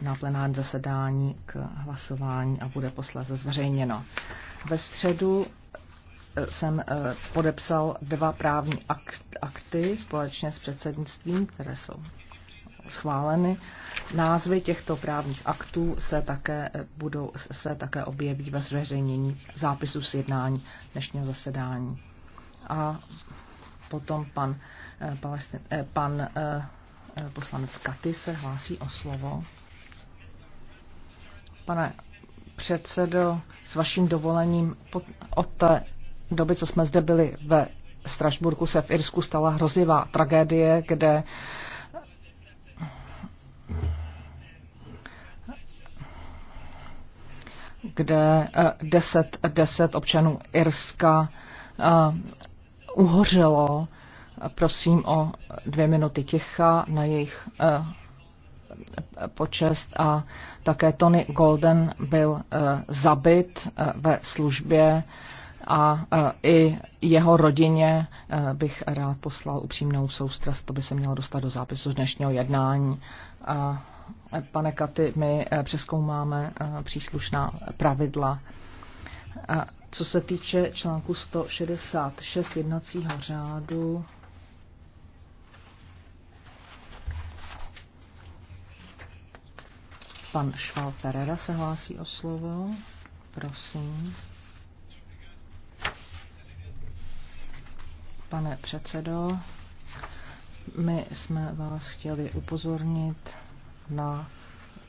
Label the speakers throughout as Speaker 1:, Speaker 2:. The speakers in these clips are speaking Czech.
Speaker 1: na plenární zasedání k hlasování a bude posléze zveřejněno. Ve středu eh, jsem eh, podepsal dva právní akty společně s předsednictvím, které jsou schváleny. Názvy těchto právních aktů se také, eh, budou, se také objeví ve zveřejnění zápisu z jednání dnešního zasedání. A potom pan, pan, pan poslanec Katy se hlásí o slovo pane předsedo, s vaším dovolením od té doby, co jsme zde byli ve Strašburku, se v Irsku stala hrozivá tragédie, kde kde 10, eh, 10 občanů Irska eh, uhořelo. Prosím o dvě minuty ticha na jejich eh, počest a také Tony Golden byl eh, zabit eh, ve službě a eh, i jeho rodině bych rád poslal upřímnou soustrast, to by se mělo dostat do zápisu dnešního jednání. Pane Katy, my přeskoumáme příslušná pravidla. Co se týče článku 166 jednacího řádu, Pan Šval Ferrera se hlásí o slovo. Prosím. Pane předsedo, my jsme vás chtěli upozornit na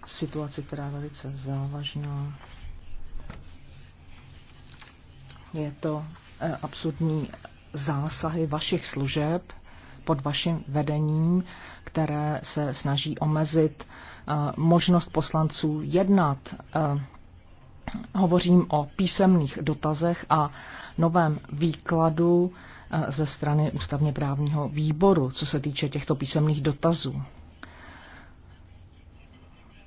Speaker 1: situaci, která je velice závažná. Je to eh, absurdní zásahy vašich služeb pod vaším vedením, které se snaží omezit eh, možnost poslanců jednat. Eh, hovořím o písemných dotazech a novém výkladu eh, ze strany ústavně právního výboru, co se týče těchto písemných dotazů.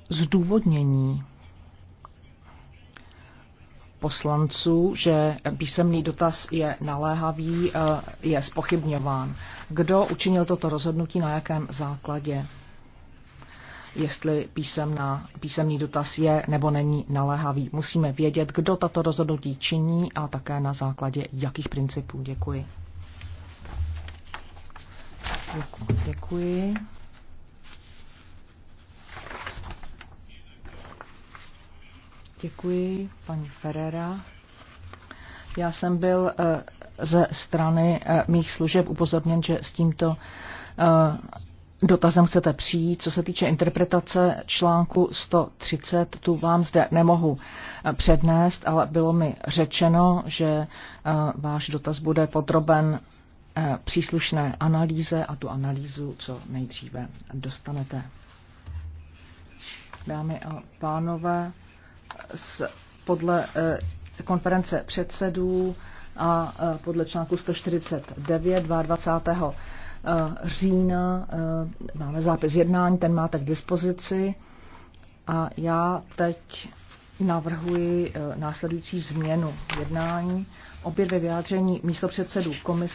Speaker 1: Zdůvodnění poslanců, že písemný dotaz je naléhavý, eh, je spochybňován. Kdo učinil toto rozhodnutí, na jakém základě? jestli písemná, písemný dotaz je nebo není naléhavý. Musíme vědět, kdo tato rozhodnutí činí a také na základě jakých principů. Děkuji. Děkuji. Děkuji, paní Ferrera. Já jsem byl eh, ze strany eh, mých služeb upozorněn, že s tímto eh, dotazem chcete přijít. Co se týče interpretace článku 130, tu vám zde nemohu přednést, ale bylo mi řečeno, že váš dotaz bude podroben příslušné analýze a tu analýzu co nejdříve dostanete. Dámy a pánové, podle eh, konference předsedů a eh, podle článku 149 22. Eh, října máme zápis jednání, ten máte k dispozici. A já teď navrhuji následující změnu jednání. Obě dvě vyjádření předsedů komise